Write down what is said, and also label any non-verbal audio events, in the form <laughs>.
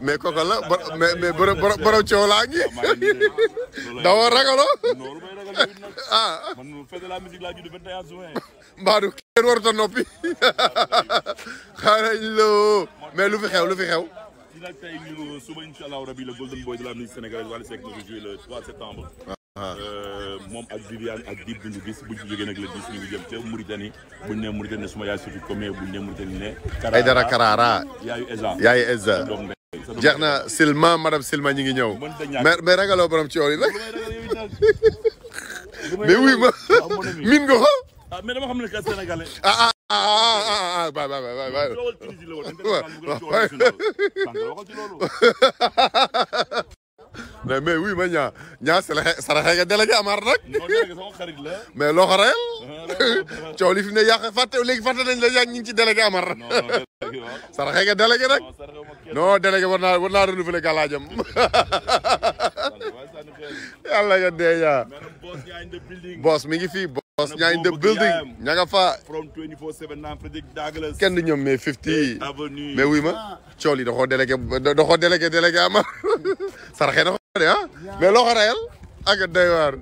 mais kooku la mais mais borom borom coow laa ngi dawoo ragaloo oh. ah. Mbadou kenn lu fi xew lu fi xew. dinañ tey ñu suba incha allahu rabi le golden boy la musique sénégalaise Wally Seck ñu joué le 3 septembre. Ah. Euh, moom ak Viviane ak Dip duñu ne Mauritanie suma Karara yaayu Eza. jeex na Silma madame Silma ñi ngi ñëw. mais mais ragaloo borom coow yi nag. <laughs> mais wuy ma min nga ko. ah mais dama xam <laughs> ñaa ñaa saraxee nga délégué Amar nag. <laughs> mais loo ko fi ne yàq fàtte léegi fàtte nañ la yàgg ngi ci délégué Amar. <laughs> saraxe nga délégué rek non délégué war naa war naa renouveler gàllaajam <laughs> yàlla nga dee yaa boss mi ngi fii boss ñaa in the building ña nga fa kenn ñoom mais fifty mais wuy ma cool yi doxoo délégué doxoo délégué délégué ama <laughs> saraxe na ko de ah mais loo ko rayal ak doy waar